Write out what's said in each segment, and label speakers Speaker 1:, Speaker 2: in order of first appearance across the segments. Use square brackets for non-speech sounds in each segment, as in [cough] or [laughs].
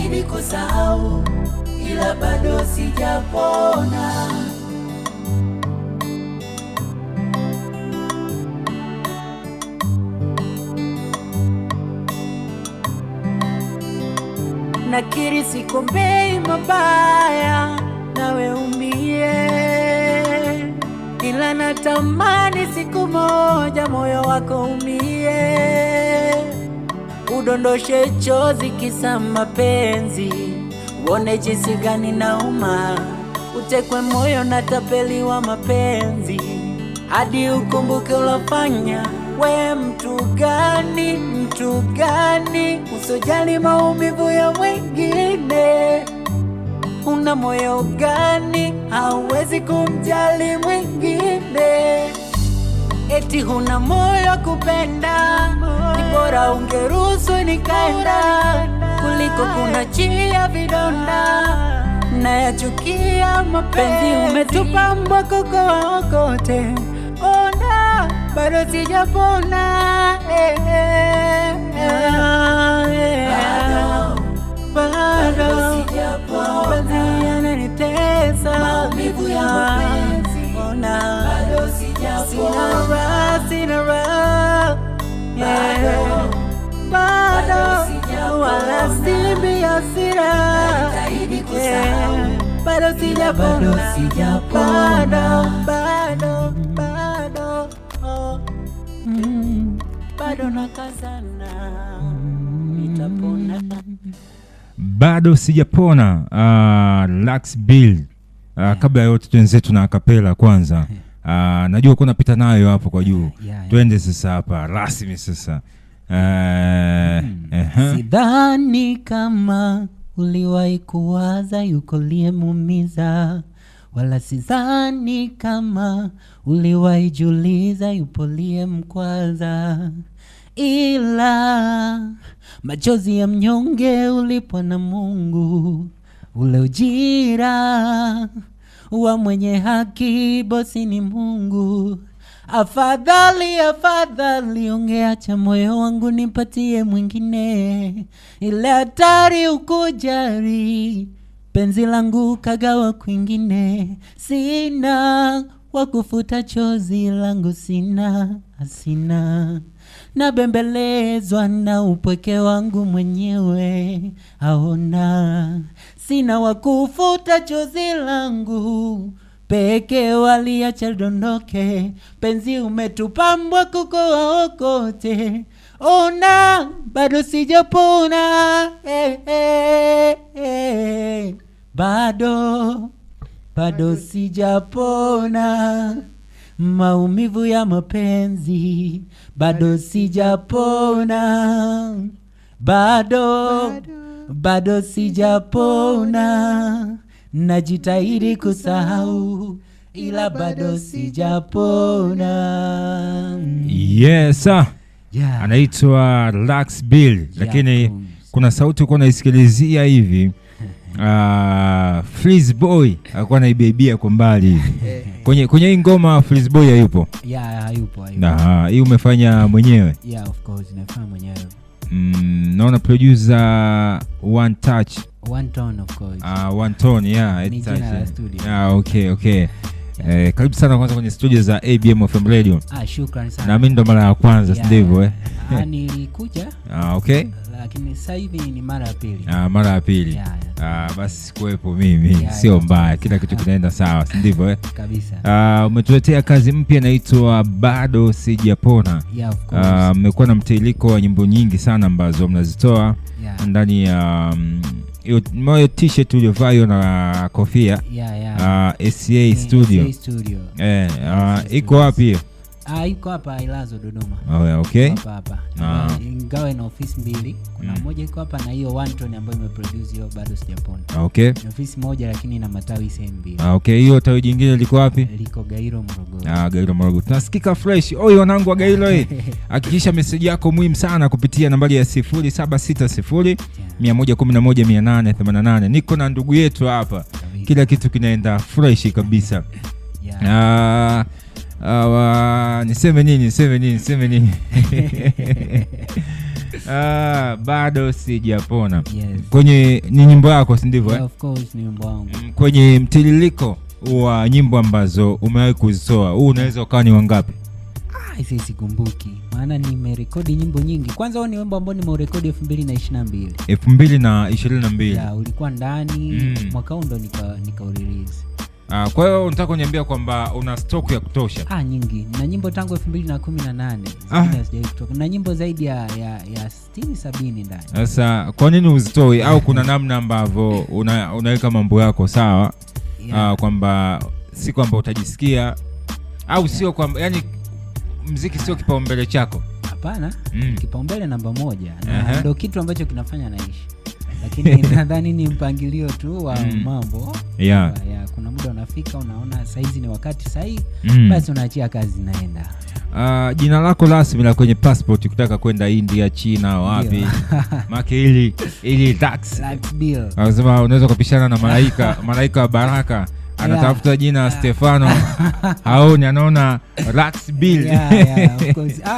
Speaker 1: Jitahidi kusahau ila bado sijapona. Nakiri sikombei mabaya, nawe umie, ila natamani siku moja moyo wako umie udondoshe chozi kisa mapenzi, uone jinsi gani nauma, utekwe moyo na tapeliwa mapenzi, hadi ukumbuke ulofanya. We mtu gani, mtu gani, usojali maumivu ya wengine una moyo gani? Hauwezi kumjali mwingine, eti huna moyo kupenda bora ungeruhusu nikaenda, kuliko kuna chini ya vidonda nayachukia mapenzi. Umetupa mbwa koko waokote, ona bado sijapona eh, eh, eh, bado bado sijapona bado bado bado bado nakazana nitapona
Speaker 2: bado sijapona uh, Lux Bill uh, kabla ya yote twenzetu na akapela kwanza yeah. Ah, najua kuna napita nayo hapo kwa juu yeah, yeah. Twende sasa hapa rasmi sasa uh, eh,
Speaker 1: mm. uh -huh. Sidhani kama uliwahi kuwaza yuko liyemuumiza, wala sidhani kama uliwahijuliza juliza yupo liyemkwaza, ila machozi ya mnyonge ulipwa na Mungu ule ujira uwa mwenye haki, bosi ni Mungu. Afadhali, afadhali ungeacha moyo wangu nipatie mwingine, ile hatari ukujari, penzi langu kagawa kwingine, sina wakufuta chozi langu, sina asina nabembelezwa na upweke wangu mwenyewe, aona sina wakufuta kufuta chozi langu peke waliacha dondoke, penzi umetupambwa kukoa okote ona bado sijapona eh, eh, eh. bado bado sijapona maumivu ya mapenzi, bado sijapona bado, bado bado sijapona, najitahidi kusahau ila bado sijapona.
Speaker 2: Yes, yeah. Anaitwa Lax Bill, yeah, lakini yeah, kuna sauti uko naisikilizia hivi Uh, [laughs] Freeze Boy alikuwa naibebia kwa mbali hivi [laughs] kwenye kwenye hii ngoma. Freeze Boy hayupo,
Speaker 1: yeah, hayupo, hayupo.
Speaker 2: Na hii umefanya mwenyewe?
Speaker 1: Yeah, of course nafanya mwenyewe.
Speaker 2: Mm, naona producer One Touch.
Speaker 1: One Tone of course.
Speaker 2: Ah, One Tone, yeah, it's touch. Ah, okay, okay. Eh, karibu sana kwanza kwenye studio za ABM FM Radio.
Speaker 1: Ah, shukrani sana.
Speaker 2: Na mimi ndo mara ya kwanza, yeah. ndivyo eh?
Speaker 1: Ah, nilikuja. Ah, okay lakini sasa hivi ni mara ya pili.
Speaker 2: Ah, mara ya pili. Yeah, yeah. Ah, basi sikuwepo mimi. Yeah, Sio mbaya. Kila kitu kinaenda sawa, si ndivyo eh? Kabisa. Ah, umetuletea kazi mpya inaitwa Bado Sijapona.
Speaker 1: Yeah, Ah,
Speaker 2: mmekuwa na mtiririko wa nyimbo nyingi sana ambazo mnazitoa yeah. ndani ya um, moyo t-shirt uliovaa hiyo na kofia.
Speaker 1: Yeah, yeah. Uh, ah,
Speaker 2: SCA eh, Studio. Studio. Eh, ah, iko wapi hiyo?
Speaker 1: Ah, hapa Ilazo Dodoma.
Speaker 2: Oh, yeah, okay. Hapa hapa.
Speaker 1: Ah. Ingawa ina ofisi mbili. Kuna mm. moja iko hapa na hiyo one tone ambayo imeproduce hiyo bado sijapona.
Speaker 2: Ah, okay. ofisi
Speaker 1: moja lakini ina matawi sehemu mbili. Ah,
Speaker 2: okay. Hiyo tawi jingine liko wapi?
Speaker 1: Liko Gairo Morogoro.
Speaker 2: Ah, Gairo Morogoro. Tunasikika fresh. Oi wanangu wa Gairo hii eh. [laughs] Hakikisha message yako muhimu sana kupitia nambari ya 0760 111 Niko na ndugu yetu hapa. Kila kitu kinaenda fresh kabisa. [laughs] Yeah. uh, uh, niseme nini niseme nini niseme nini Uh, [laughs] bado sijapona yes. kwenye ni nyimbo yako si ndivyo yeah,
Speaker 1: eh? Mm,
Speaker 2: kwenye mtililiko wa nyimbo ambazo umewahi kuzisoa huu unaweza ukawa ni wangapi
Speaker 1: ah, hizi sikumbuki maana nimerekodi nyimbo nyingi kwanza huo ni wimbo ambao nimeurekodi elfu mbili na ishiri na mbili
Speaker 2: elfu mbili na ishirini na mbili
Speaker 1: ulikuwa ndani mm. mwaka huu ndo nikauririzi nika
Speaker 2: Uh, kwa hiyo unataka kuniambia kwamba una stock ya kutosha?
Speaker 1: Ah, nyingi. Na nyimbo tangu 2018 ah. sijai kutoka. Na nyimbo zaidi ya ya, ya 60 sabini ndani.
Speaker 2: Sasa kwa nini uzitoi au kuna namna ambavyo una, unaweka mambo yako sawa? Yeah. Uh, kwamba si kwamba utajisikia au yeah. Sio kwamba yani mziki sio kipaumbele chako?
Speaker 1: Hapana. Mm. Kipaumbele namba moja na uh -huh. Ndio kitu ambacho kinafanya naishi lakini [laughs] nadhani ni mpangilio tu wa mm. mambo
Speaker 2: yeah. Kwa, yeah, kuna
Speaker 1: muda unafika unaona sahizi ni wakati sahihi mm. basi unaachia kazi inaenda
Speaker 2: Uh, jina lako rasmi la kwenye passport kutaka kwenda India, China, wapi [laughs] make ili ili tax unaweza kupishana na malaika malaika wa baraka anatafuta jina yeah. Stefano [laughs] aoni, anaona Lax Bill. yeah, yeah,
Speaker 1: [laughs]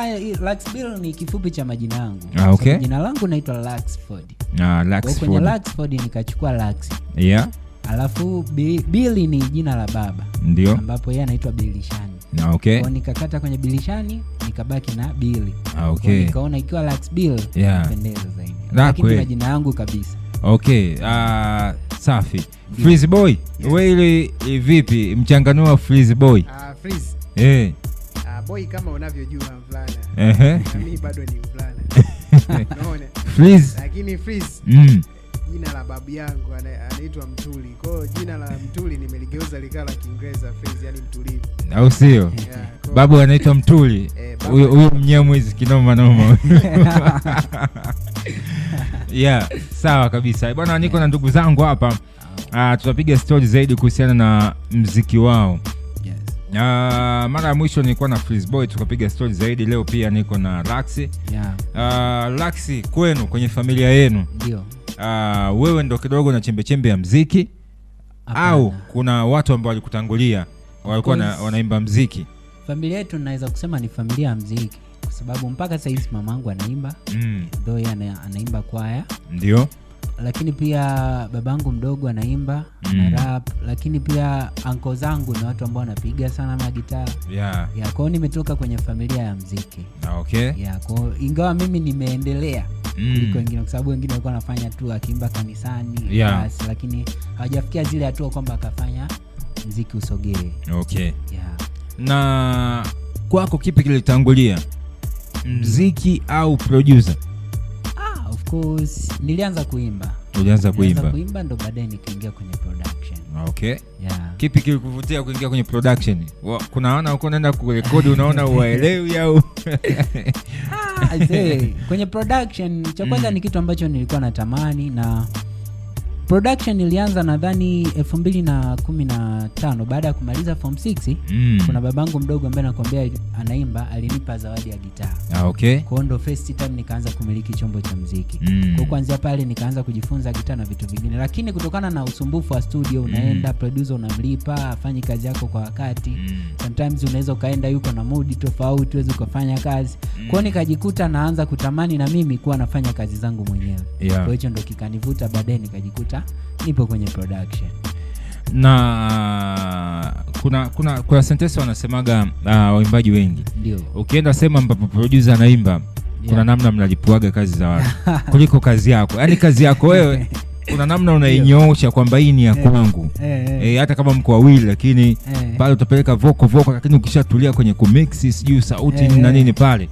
Speaker 1: Ah, Bill ni kifupi cha majina yangu.
Speaker 2: Ah, okay. jina langu
Speaker 1: naitwa Laxford.
Speaker 2: Ah, Laxford. Kwenye
Speaker 1: Laxford nikachukua Lax. Yeah. Alafu Billy ni jina la baba.
Speaker 2: Ndio. Ambapo yeye
Speaker 1: anaitwa Bilishani.
Speaker 2: Na ah, okay. Kwa nikakata
Speaker 1: kwenye Bilishani nikabaki na Billy.
Speaker 2: Ah, okay. Nikaona
Speaker 1: ikiwa Lax Bill
Speaker 2: yeah. Nipendeza zaidi.
Speaker 1: Ah, Lakini majina yangu kabisa.
Speaker 2: Okay. Ah uh, safi. Freeze boy, yeah. Wewe ile e, vipi mchanganuo wa freeze boy? Uh, freeze. Eh. Uh,
Speaker 3: boy kama unavyojua mvulana.
Speaker 2: Ehe. Uh -huh. Mimi bado
Speaker 3: ni mvulana. [laughs]
Speaker 2: Unaona? Freeze. Lakini
Speaker 3: freeze. Mm jina la babu yangu anaitwa Mtuli. Kwa hiyo jina la Mtuli nimeligeuza likawa la Kiingereza phrase, yani mtulivu,
Speaker 2: au sio? Yeah, babu anaitwa Mtuli huyo huyo Mnyamwezi kinoma noma. [laughs] Yeah, sawa kabisa bwana, niko na ndugu zangu hapa Uh, tutapiga story zaidi kuhusiana na mziki wao yes. Uh, mara ya mwisho nilikuwa na Freeze Boy tukapiga story zaidi, leo pia niko na Laxi yeah. Uh, Laxi kwenu kwenye familia yenu ndio uh, wewe ndo kidogo na chembe chembe ya mziki Apana. au kuna watu ambao walikutangulia walikuwa na, wanaimba mziki?
Speaker 1: Familia yetu naweza kusema ni familia ya mziki kwa sababu mpaka sasa hivi mamangu anaimba mm. though ana, anaimba kwaya ndio, lakini pia babangu mdogo anaimba mm. na rap, lakini pia anko zangu ni watu ambao wanapiga sana magitaa
Speaker 2: yeah. kwao
Speaker 1: nimetoka kwenye familia ya mziki
Speaker 2: ah, okay. ya,
Speaker 1: kwao ingawa mimi nimeendelea mm. kuliko wengine kwa sababu wengine walikuwa wanafanya tu akiimba kanisani
Speaker 2: yeah. basi lakini
Speaker 1: hawajafikia zile hatua kwamba akafanya mziki usogee
Speaker 2: okay yeah. na kwako kipi kilitangulia mm. mziki au produsa
Speaker 1: ah, of course nilianza kuimba
Speaker 2: ulianza kuimba kuimba
Speaker 1: ndo baadaye nikaingia kwenye production
Speaker 2: okay. yeah. kipi kilikuvutia kuingia kwenye production kuna wana uko naenda kurekodi unaona uwaelewi [laughs] au
Speaker 1: ah, kwenye production cha kwanza mm. ni kitu ambacho nilikuwa natamani na Production ilianza nadhani 2015 baada ya kumaliza form 6. Mm. Kuna babangu mdogo ambaye nakwambia anaimba, alinipa zawadi ya gitaa.
Speaker 2: Ah, okay. Kwa ndo
Speaker 1: first time nikaanza kumiliki chombo cha muziki. Mm. Kwa kuanzia pale nikaanza kujifunza gitaa na vitu vingine, lakini kutokana na usumbufu wa studio, mm. unaenda mm. producer unamlipa afanye kazi yako kwa wakati mm. sometimes unaweza ukaenda yuko na mood tofauti, uweze ukafanya kazi mm. kwa nikajikuta naanza kutamani na mimi kuwa nafanya kazi zangu mwenyewe yeah. Kwa hicho ndo kikanivuta, baadaye nikajikuta nipo kwenye production
Speaker 2: na kuna kuna kuna sentensi wanasemaga ah, waimbaji wengi ndio Ukienda sehemu ambapo producer anaimba yeah. Kuna namna mnalipuaga kazi za watu [laughs] kuliko kazi yako, yaani kazi yako wewe [laughs] kuna namna unainyoosha kwamba hii ni ya eh. kwangu eh, eh, eh. hata kama mko wawili lakini pale eh, eh. utapeleka voko voko, lakini ukishatulia kwenye kumix sijui sauti na nini pale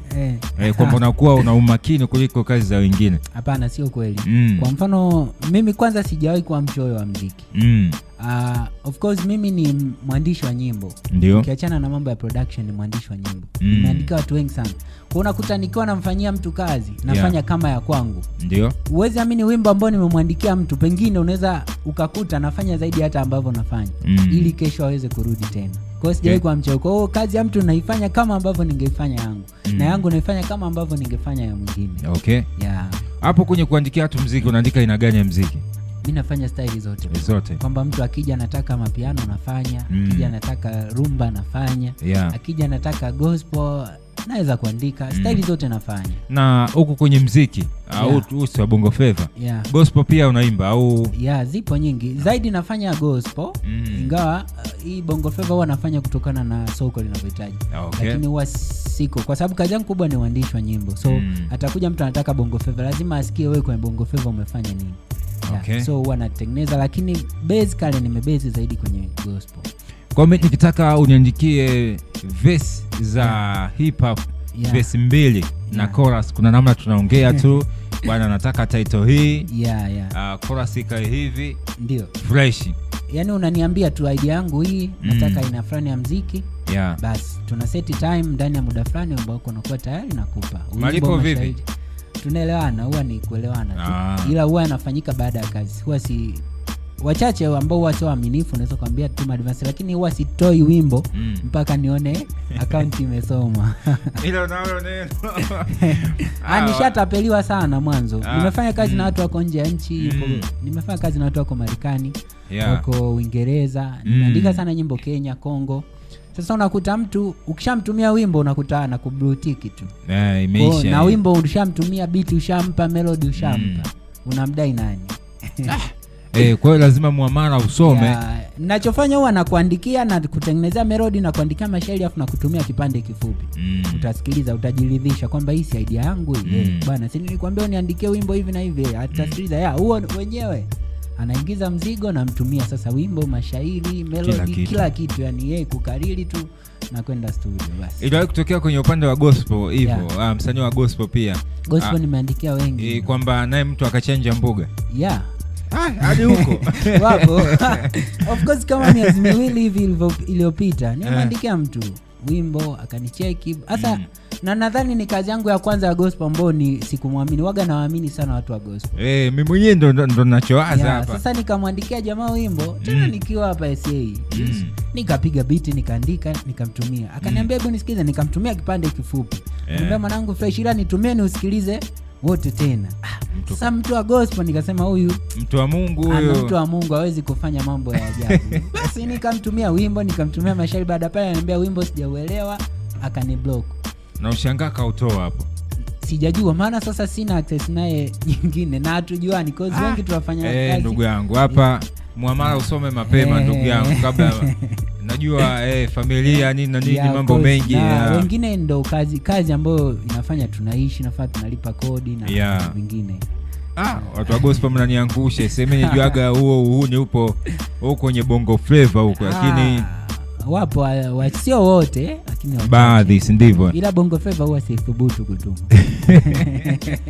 Speaker 2: kwamba unakuwa una umakini kuliko kazi za wengine.
Speaker 1: Hapana, sio kweli mm. Kwa mfano mimi kwanza sijawahi kuwa mchoyo wa mziki mm. Uh, of course mimi ni mwandishi wa nyimbo,
Speaker 2: ndio ukiachana na mambo
Speaker 1: ya production, ni mwandishi wa nyimbo mm. Nimeandika watu wengi sana unakuta nikiwa namfanyia mtu kazi nafanya yeah. kama ya kwangu
Speaker 2: ndio uwezi
Speaker 1: amini wimbo ambao nimemwandikia mtu pengine unaweza ukakuta nafanya zaidi hata ambavyo nafanya mm. ili kesho aweze kurudi tena kwao sijawai okay. kwa mcheo kwao kazi ya mtu naifanya kama ambavyo ningeifanya yangu mm. na yangu naifanya kama ambavyo ningefanya ya mwingine
Speaker 2: okay yeah. hapo kwenye kuandikia watu mziki unaandika aina gani ya mziki
Speaker 1: mi nafanya staili zote eh, zote, kwamba mtu akija anataka mapiano nafanya mm. akija anataka rumba nafanya yeah. akija anataka gospel naweza kuandika mm. staili zote nafanya
Speaker 2: na huku kwenye mziki au yeah. usi wa bongo feva yeah. gospel pia unaimba au
Speaker 1: yeah, zipo nyingi zaidi nafanya gospel mm. ingawa uh, hii bongo feva huwa nafanya kutokana na soko linavyohitaji ah, okay. lakini huwa siko kwa sababu kazi yangu kubwa ni uandishwa nyimbo so mm. atakuja mtu anataka bongo feva lazima asikie wewe kwenye bongo feva umefanya nini okay. so huwa natengeneza lakini basically nimebase zaidi kwenye gospel
Speaker 2: kwa mimi nikitaka uniandikie verse za yeah. hip hop yeah. verse mbili yeah. na chorus kuna namna tunaongea tu bwana nataka title hii
Speaker 1: yeah, yeah.
Speaker 2: Uh, chorus ikae hivi
Speaker 1: ndio fresh yaani unaniambia tu idea yangu hii mm. nataka ina fulani ya mziki
Speaker 2: yeah. basi tuna
Speaker 1: seti time ndani ya muda fulani ambao unakuwa tayari nakupa
Speaker 2: malipo vipi
Speaker 1: tunaelewana, huwa ni kuelewana tu ah. Ila huwa anafanyika baada ya kazi, huwa si wachache ambao huwa sio waaminifu, naweza kuambia tuma advance, lakini huwa sitoi wimbo mm. mpaka nione akaunti [laughs] imesoma
Speaker 2: [laughs] Hilo nalo neno [laughs]
Speaker 1: ah, ah, nishatapeliwa sana mwanzo. Ah, nimefanya kazi mm. na watu wako nje ya nchi mm. nimefanya kazi na watu wako Marekani, yeah. wako Uingereza, nimeandika mm. sana nyimbo Kenya, Kongo sasa unakuta mtu ukishamtumia wimbo unakuta na kublutiki tu
Speaker 2: yeah, imeisha, na
Speaker 1: wimbo ushamtumia beat, ushampa melody, ushampa mm. unamdai nani? Ah,
Speaker 2: eh, kwa hiyo lazima muamara usome. Yeah,
Speaker 1: nachofanya huwa nakuandikia na kutengenezea melodi na kuandikia mashairi afu na kutumia kipande kifupi mm. Utasikiliza, utajiridhisha kwamba hii si idea yangu mm. Bwana, si nilikwambia uniandikie wimbo hivi na hivi, atasikiliza mm. ya huo wenyewe anaingiza mzigo namtumia sasa wimbo mashairi melodi kila, kila kitu yani yeye kukariri tu na kwenda studio basi
Speaker 2: iliwahi kutokea kwenye upande wa gospel hivyo yeah. Ah, msanii wa gospel pia
Speaker 1: gospel ah, nimeandikia wengi e,
Speaker 2: kwamba naye mtu akachenja mbuga
Speaker 1: yeah ah,
Speaker 2: hadi huko [laughs] wapo
Speaker 1: [laughs] of course kama miezi miwili hivi iliyopita eh. nimeandikia mtu wimbo akanicheki hasa mm. na nadhani ni kazi yangu ya kwanza ya gospel ambao ni sikumwamini waga nawaamini sana watu wa gospel hey,
Speaker 2: eh, mi mwenyewe ndo, ndo, ndo nachowaza yeah, hapa sasa
Speaker 1: nikamwandikia jamaa wimbo mm. tena mm. nikiwa hapa sa mm. nikapiga biti nikaandika nikamtumia akaniambia mm. hebu nisikize nikamtumia kipande kifupi yeah. niambia mwanangu fresh ila nitumie niusikilize wote tena sa mtu wa gospel nikasema huyu
Speaker 2: mtu wa mungu
Speaker 1: mtu wa mungu hawezi kufanya mambo ya ajabu [laughs] basi nikamtumia wimbo nikamtumia mashairi baada pale ananiambia wimbo sijauelewa akaniblock
Speaker 2: na ushangaa kautoa hapo
Speaker 1: sijajua maana sasa sina access naye nyingine na hatujuani cause ah, wengi tunafanya hey,
Speaker 2: eh, ndugu yangu hapa yeah. mwamara usome mapema hey. ndugu yangu eh. kabla [laughs] najua eh, eh familia eh. nini na nini yeah, mambo mengi
Speaker 1: wengine ndo kazi kazi ambayo inafanya tunaishi nafaa tunalipa kodi na yeah.
Speaker 2: vingine Ah, watu wa gospel eh. semeni [laughs] juaga huo uhuni upo huko kwenye bongo fleva huko lakini
Speaker 1: wapo wasio wote lakini
Speaker 2: baadhi si ndivyo ila
Speaker 1: bongo fleva huwa sithubutu kutuma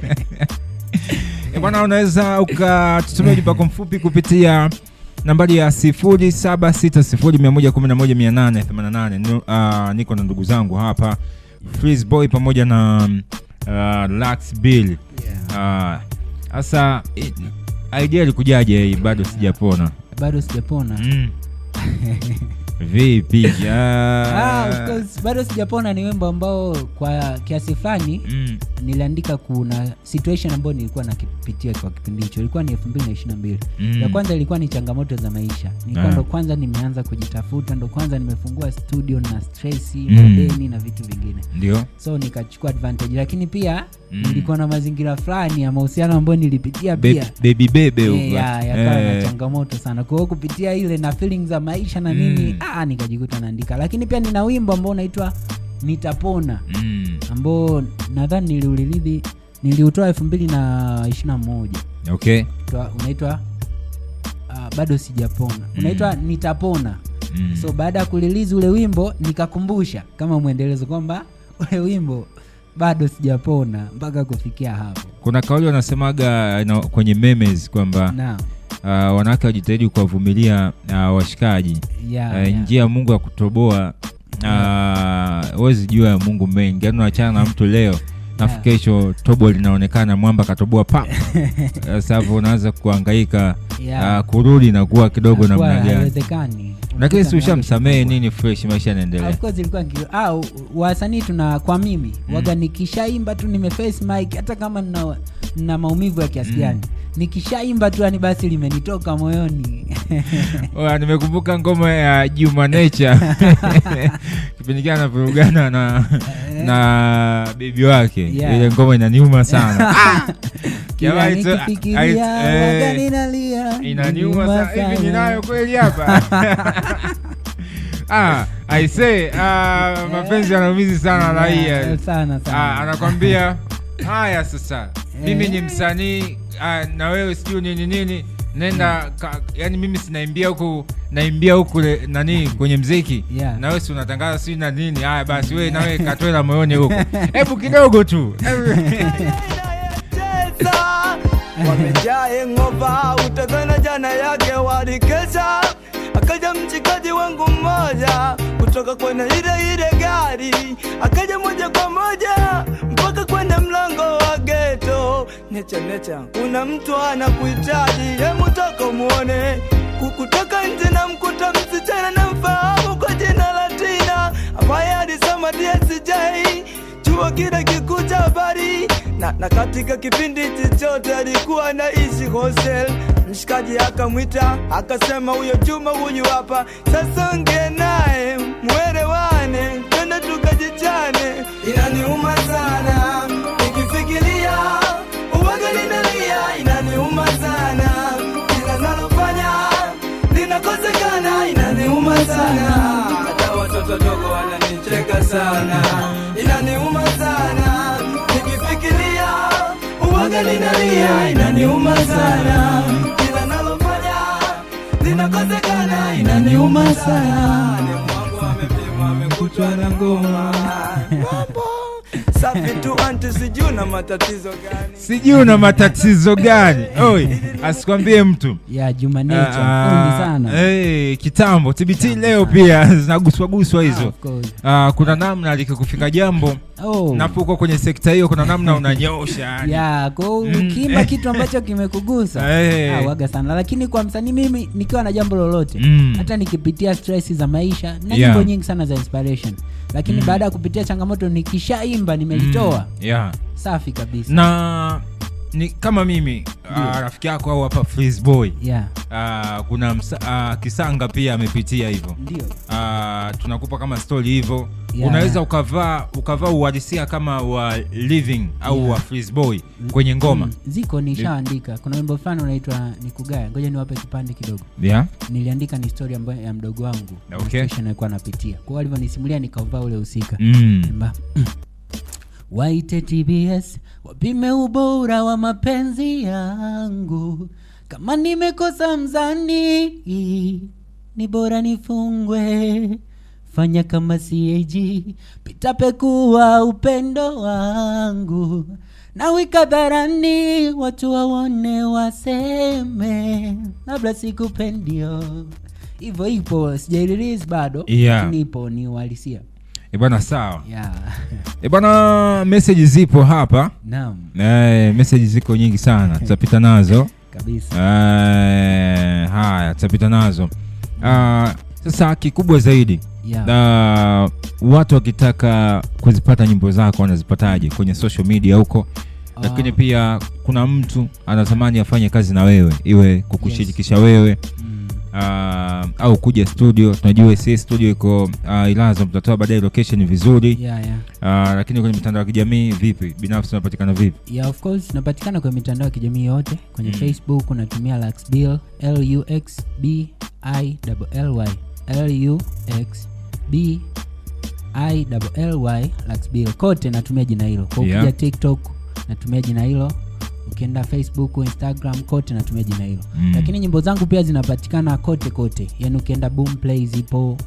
Speaker 2: [laughs] bwana unaweza ukatutumia [laughs] ujumbe mfupi kupitia nambari ya 0760111888. Uh, ah, niko na ndugu zangu hapa Freeze Boy pamoja na uh, Lux Bill sasa. Ah, uh, idea ilikujaje hii? Bado sijapona,
Speaker 1: bado sijapona mm.
Speaker 2: [laughs] vipi [laughs] ah,
Speaker 1: bado sijapona ni wembo ambao kwa kiasi fulani mm. niliandika kuna situation ambayo nilikuwa nakipitia kwa kipindi hicho ilikuwa ni 222 ya mm. ya kwanza ilikuwa ni changamoto za maisha nilikuwa ah. ndo kwanza nimeanza kujitafuta ndo kwanza nimefungua studio na stresi mm. na vitu vingine ndio so nikachukua advantage lakini pia mm. na mazingira fulani ya mahusiano ambayo nilipitia pia
Speaker 2: baby bebe e,
Speaker 1: ya, ya, changamoto sana kwao kupitia ile na feeling za maisha na nini mm. ah, nikajikuta naandika lakini pia nina wimbo ambao unaitwa nitapona mm. ambao nadhani niliulilidhi niliutoa elfu mbili na ishirina moja okay. unaitwa uh, bado sijapona mm. unaitwa nitapona mm. so baada ya kulilizi ule wimbo nikakumbusha kama mwendelezo kwamba ule wimbo bado sijapona mpaka kufikia hapo kuna
Speaker 2: kauli wanasemaga kwenye memes kwamba uh, wanawake wajitahidi kuwavumilia uh, washikaji yeah, uh, yeah. Njia Mungu ya kutoboa uh, huwezi uh, yeah. jua Mungu mengi, yani unaachana na mtu leo afu kesho tobo linaonekana mwamba katoboa pa. [laughs] Uh, sasa hapo unaanza kuhangaika yeah. uh, kurudi na kuwa kidogo namna gani, lakini si ushamsamehe nini, fresh maisha yanaendelea.
Speaker 1: Of wasanii tuna, kwa mimi mm. waga nikishaimba tu nimefacemik hata kama nina na maumivu ya kiasi mm. gani mm nikishaimba tu yani basi limenitoka moyoni
Speaker 2: [laughs] nimekumbuka ngoma ya juma nature [laughs] kipindi kile anavurugana na eh. na bebi wake yeah. ile ngoma inaniuma sana mapenzi yanaumizi sana raia. Eh, ah, anakwambia haya sasa mimi eh? ni msanii ah, na wewe sijuu nini nini nenda mm. ka, yani mimi sinaimbia huku naimbia huku nani kwenye mziki yeah. wewe si unatangaza si na nini haya basi we mm. nawe katoe na moyoni [laughs] huko hebu kidogo tu
Speaker 4: wamejae ngova utagana jana yake walikesa akaja mchikaji wangu mmoja kutoka kwenye ile ile gari, akaja moja kwa moja mpaka kwenye mlango wa geto. Necha necha, kuna mtu anakuhitaji, hemu toka muone. Kukutoka nje na mkuta msichana na mfahamu kwa jina la Tina ambaye alisoma DSJ chuo kile kikuu cha Paris na, na katika kipindi chochote alikuwa na ishi hostel. Mshikaji akamwita akasema, huyo chuma huyu hapa sasa, ongee naye mwelewane, twende tukajichane. Inaniuma sana nikifikiria uwaga ninalia, inaniuma sana kila nalofanya linakosekana, inaniuma sana hata watoto dogo wananicheka sana moyo ninalia, inaniuma sana, kila nalofanya linakosekana, inaniuma sana. Mwangu amepimwa amekutwa na ngoma [laughs] safi tu anti, sijui una matatizo gani, sijui
Speaker 2: una matatizo gani. Oi, [laughs] asikwambie mtu ya
Speaker 1: ah,
Speaker 2: ah. kitambo TBT leo Pia [laughs] zinaguswaguswa guswa hizo uh, kuna namna likikufika jambo oh. Napokuwa kwenye sekta hiyo kuna namna unanyosha ya
Speaker 1: kwa mm. eh. kitu ambacho [laughs] kimekugusa hey. Eh. waga sana lakini kwa msanii mimi nikiwa na jambo lolote mm. hata nikipitia stress za maisha na nyimbo nyingi sana za inspiration lakini mm. baada ya kupitia changamoto nikishaimba nimelitoa mm.
Speaker 2: yeah. safi kabisa na ni kama mimi yeah. uh, rafiki yako au hapa boy yeah. uh, kuna msa, uh, kisanga pia amepitia hivyo uh, tunakupa kama stori hivyo yeah. unaweza ukavaa ukavaa uhalisia kama wa living au yeah. wa boy kwenye ngoma mm. ziko
Speaker 1: nishaandika kuna wimbo fulani unaitwa ni kugaya ngoja niwape kipande kidogo yeah. niliandika ni stori ambayo ya mdogo wangu okay. alikuwa anapitia kwao alivyonisimulia nikavaa ule husika mm. mm. waite tbs wapime ubora wa mapenzi yangu, kama nimekosa mzani ni bora nifungwe. Fanya kama sieji, pita pekua upendo wangu, nawika dharani, watu waone waseme, labda sikupendio. Hivyo ipo, sijairelease bado, yeah. ipo ni uhalisia.
Speaker 2: Ebwana eh, sawa. Yeah. Ebwana eh, message zipo hapa. Naam. Eh, message ziko nyingi sana. Tutapita nazo. Kabisa. Eh, haya, tutapita nazo. Uh, sasa kikubwa zaidi yeah. Na watu wakitaka kuzipata nyimbo zako wanazipataje? Kwenye social media huko ah. lakini pia kuna mtu anatamani afanye kazi na wewe, iwe kukushirikisha yes. wewe mm uh, au kuja studio. Tunajua si studio iko uh, Ilazo, mtatoa baadaye location vizuri yeah, yeah. Uh, lakini kwenye mitandao ya kijamii vipi, binafsi unapatikana vipi? Yeah,
Speaker 1: of course tunapatikana kwenye mitandao ya kijamii yote kwenye mm. Facebook unatumia Luxbill L U X B I L Y L U X B I L Luxbill, kote natumia jina hilo kwa yeah. TikTok natumia jina hilo ukienda facebook instagram kote natumia jina hilo mm. lakini nyimbo zangu pia zinapatikana kote kote yani ukienda boom play zipo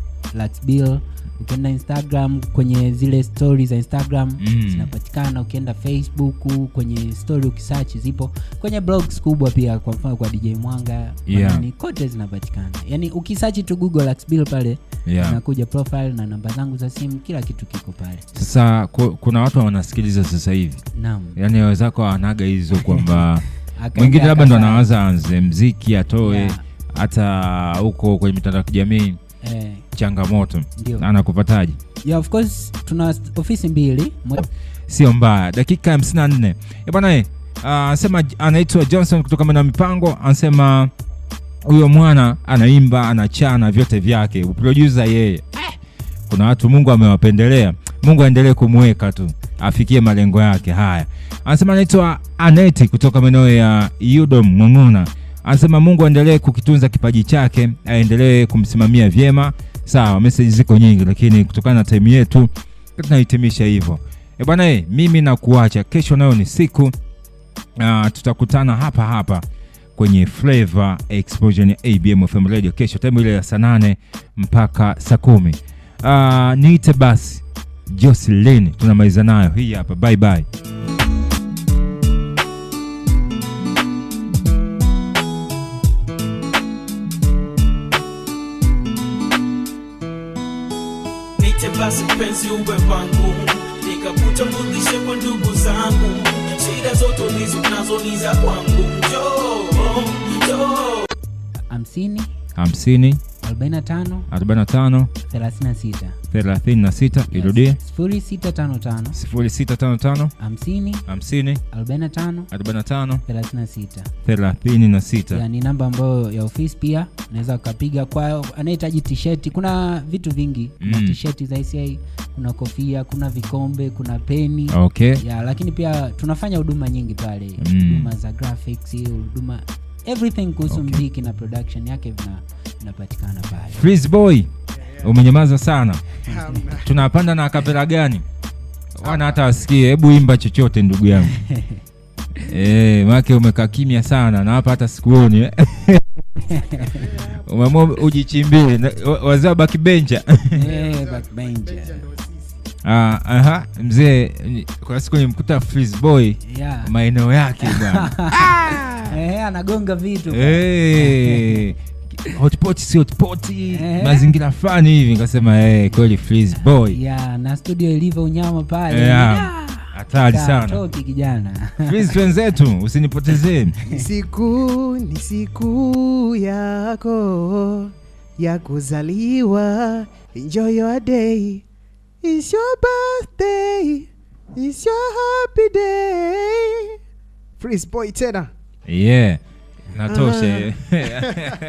Speaker 1: bill ukienda instagram kwenye zile stori za instagram mm. zinapatikana ukienda facebook kwenye story ukisach zipo kwenye blogs kubwa pia kwa mfano kwa dj mwanga yeah. kote zinapatikana yani ukisearch tu google pale yeah. nakuja profile na namba zangu za simu kila kitu kiko pale
Speaker 2: sasa kuna watu wanasikiliza sasa hivi naam yani wawezako anaga hizo kwamba mwingine [laughs] labda ndo anawaza anze mziki atoe hata yeah. huko kwenye mitandao ya kijamii eh changamoto anakupataji
Speaker 1: yeah, of course tuna ofisi mbili
Speaker 2: sio mbaya dakika 54 eh, bwana ah, anasema uh, anaitwa johnson kutoka na mipango anasema huyo mwana anaimba anachana vyote vyake producer yeye kuna watu mungu amewapendelea mungu aendelee kumweka tu afikie malengo yake haya anasema anaitwa aneti kutoka maeneo ya yudom ng'ong'ona anasema mungu aendelee kukitunza kipaji chake aendelee kumsimamia vyema Sawa, message ziko nyingi, lakini kutokana na time yetu tunahitimisha hivyo. E bwana e, mimi nakuacha. Kesho nayo ni siku uh, tutakutana hapa hapa kwenye Flavor Explosion ABM FM Radio kesho time ile ya saa nane mpaka saa kumi. Uh, niite basi Jocelyn tunamaliza nayo hii hapa. Bye bye.
Speaker 1: basi mpenzi uwe wangu, nikakutambulishe kwa ndugu zangu, shida zote nizo nazo ni za kwangu, hamsini
Speaker 2: hamsini ni
Speaker 1: namba ambayo ya ofisi pia unaweza ukapiga kwayo anahitaji tisheti kuna vitu vingi kuna mm. tisheti za ICI kuna kofia kuna vikombe kuna peni okay.
Speaker 2: ya, lakini pia
Speaker 1: tunafanya huduma nyingi pale mm. huduma mm. za graphics huduma everything kuhusu okay. mziki na production yake vinapatikana pale Freeze
Speaker 2: boy umenyamaza sana tunapanda na kapela gani wana hata wasikie hebu imba chochote ndugu yangu [laughs] e, eh, make umekaa kimya sana na hapa hata sikuoni [laughs] umeamua ujichimbie wazee wa bakibenja eh, [laughs] Ah, aha, mzee kwa siku nilimkuta Freeze Boy yeah. maeneo yake bwana ah! Eh, eh, anagonga vitu eh, hotpot si hotpot eh, mazingira fulani hivi nikasema eh, kweli Freeze Boy yeah, na studio ilivyo unyama pale yeah. yeah. Hatari sana toki kijana Freeze wenzetu, [laughs] usinipotezee siku ni siku yako ya kuzaliwa, enjoy your day, it's your birthday, it's your happy day. Freeze Boy tena yeah. natosha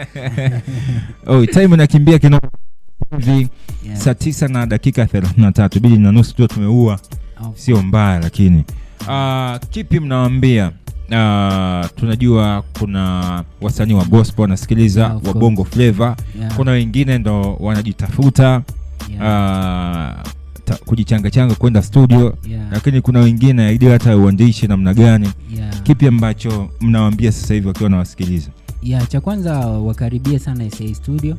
Speaker 2: [laughs] oh, time inakimbia kidogo hivi yeah. saa tisa na dakika 33 bili na nusu tua tumeua okay. Oh. sio mbaya lakini uh, kipi mnawambia Uh, ah, tunajua kuna wasanii wa gospel wanasikiliza yeah, wa bongo yeah. Kuna wengine ndo wanajitafuta yeah. uh, kujichangachanga kwenda studio yeah. Lakini kuna wengine ili hata uandishi namna gani yeah. Kipi ambacho mnawaambia sasa hivi wakiwa nawasikiliza? Yeah, cha kwanza wakaribie sana SA Studio,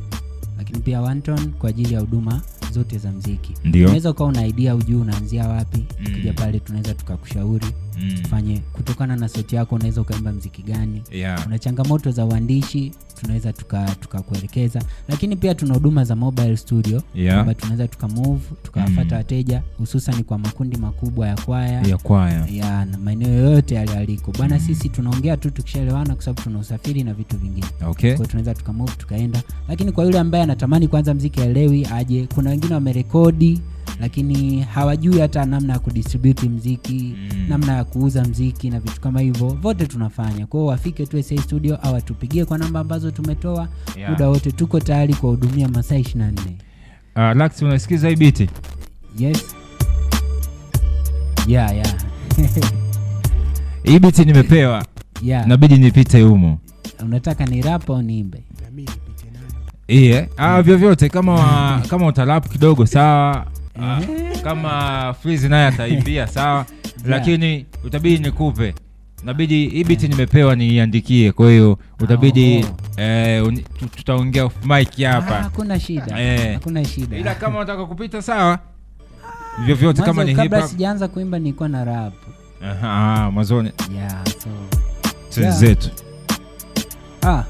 Speaker 2: lakini pia Wanton kwa ajili ya huduma zote za mziki unaweza ukawa una idea ujuu unaanzia wapi mm. ukija pale tunaweza tukakushauri mm. tufanye kutokana na sauti yako unaweza ukaimba mziki gani yeah. una changamoto za uandishi tunaweza tukakuelekeza tuka, lakini pia tuna huduma za mobile studio yeah. kwamba tunaweza tukamove tukawafata mm. wateja hususan kwa makundi makubwa ya kwaya ya kwaya ya na maeneo yoyote yale aliko bwana mm. sisi tunaongea tu tukishaelewana kwa sababu tuna usafiri na vitu vingine okay. kwa tunaweza tukamove tukaenda lakini kwa yule ambaye anatamani kwanza mziki aelewi aje kuna wengine wengine wamerekodi lakini hawajui hata namna ya kudistribute mziki mm. namna ya kuuza mziki na vitu kama hivyo vote tunafanya kwao wafike tu SA studio au watupigie kwa namba ambazo tumetoa yeah. muda wote tuko tayari kuwahudumia masaa 24 uh, Lax unasikiza hii biti yes yeah, yeah. [laughs] hii biti nimepewa yeah. nabidi nipite humo unataka ni rap au niimbe yeah. Mm. ah, vyovyote kama mm. kama utalap kidogo sawa mm. ah, kama frizi naye ataibia sawa lakini utabidi nikupe nabidi hii biti nimepewa niiandikie kwa hiyo utabidi oh. eh, tutaongea off hapa ah, hakuna shida eh. hakuna shida ila kama unataka kupita sawa vyovyote kama ni hip hop sijaanza kuimba nilikuwa na rap aha mwanzoni yeah so zetu ah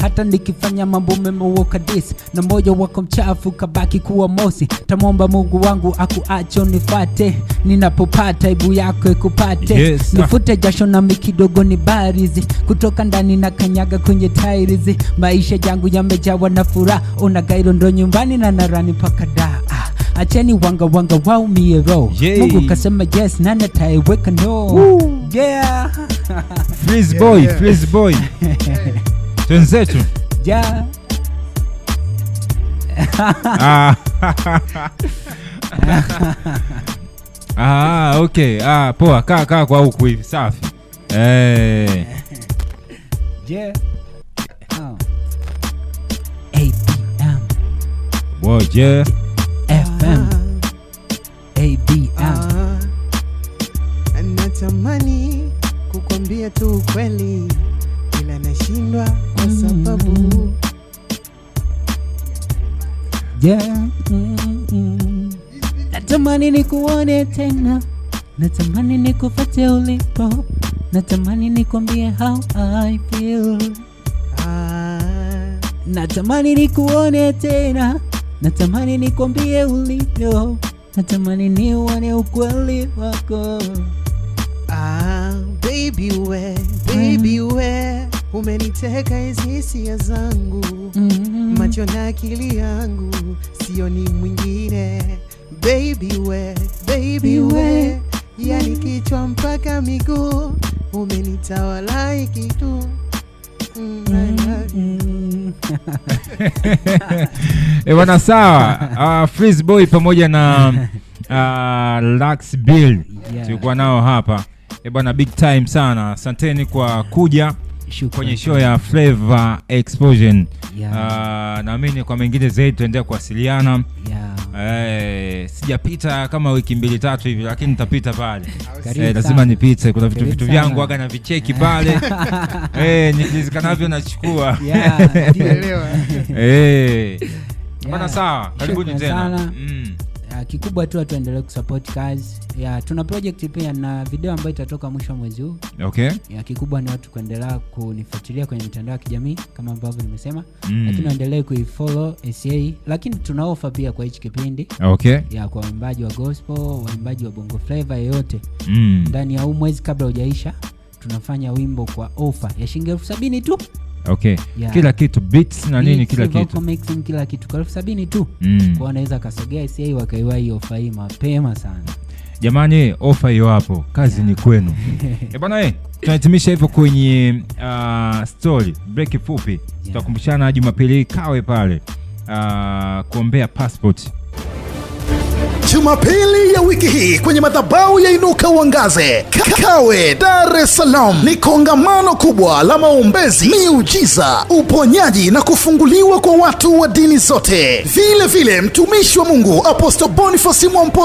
Speaker 2: hata nikifanya mambo mema wakadisi na moja wako mchafu kabaki kuwa mosi tamwomba mungu wangu akuacho nifate ninapopata ibu yako ikupate yes, nifute jasho nami kidogo ni barizi kutoka ndani na kanyaga kwenye tairizi maisha yangu yamejawa na furaha una gairo ndo nyumbani na narani paka ah, acheni wanga wanga waumie roho yeah. mungu kasema yes nani ataiweka no [laughs] yeah. freeze boy, freeze [laughs] boy wenzetu ja [laughs] ah, [laughs] ah, okay. Ah, poa, kaa kaa kwa huku hivi safi. Hey. Eh. Je. Oh. ABM. Boy, je. FM. ABM. Ah. Natamani kukwambia tu ukweli yeah. mm -mm. Natamani tena, natamani kufate ulipo, natamani kuambie how I feel ah, natamani ni kuone tena, natamani kuambie ulipo natamani uone ukweli wako ah, baby we, baby we, umeniteka hizi hisia zangu macho na akili yangu sio ni mwingine baby we, baby we, yani kichwa mpaka miguu umenitawala ikitu mm, mm. [laughs] bwana sawa uh, Freeze Boy pamoja na uh, [laughs] ah, lax Bill yeah. tulikuwa nao hapa e big time sana asanteni kwa kuja kwenye show ya Flavor Explosion yeah. Uh, naamini kwa mengine zaidi tuendelea kuwasiliana yeah. Uh, sijapita kama wiki mbili tatu hivi, lakini nitapita pale eh, lazima, nipite. Kuna vitu vitu vyangu aga na vicheki pale hey, [laughs] eh, nikizikanavyo nachukua yeah, hey. yeah. Bana, sawa, karibuni tena mm. Eh, kikubwa tu watu kusupport kazi ya tuna project pia na video ambayo itatoka mwisho wa mwezi huu okay. ya kikubwa ni watu kuendelea kunifuatilia kwenye mitandao ya kijamii kama ambavyo nimesema mm. lakini waendelee kuifollow sa lakini tuna ofa pia kwa hichi kipindi okay. ya kwa waimbaji wa gospel waimbaji wa bongo flava yeyote mm. ndani mm. ya huu mwezi kabla hujaisha tunafanya wimbo kwa ofa ya shilingi elfu sabini tu okay yeah. kila kitu beats na nini kila kitu mixing kila kitu kwa sabini tu mm. kwa anaweza akasogea sa wakaiwa hiyo ofa hii mapema sana jamani ofa hiyo hapo kazi yeah. ni kwenu [laughs] e bwana tunahitimisha hivyo kwenye uh, story breki fupi yeah. tutakumbushana jumapili kawe pale uh, kuombea passport Jumapili ya wiki hii kwenye madhabahu ya Inuka Uangaze Kawe, Dar es Salaam ni kongamano kubwa la maombezi, miujiza, uponyaji na kufunguliwa kwa watu wa dini zote. Vile vile mtumishi wa Mungu Apostle Boniface Mwamposa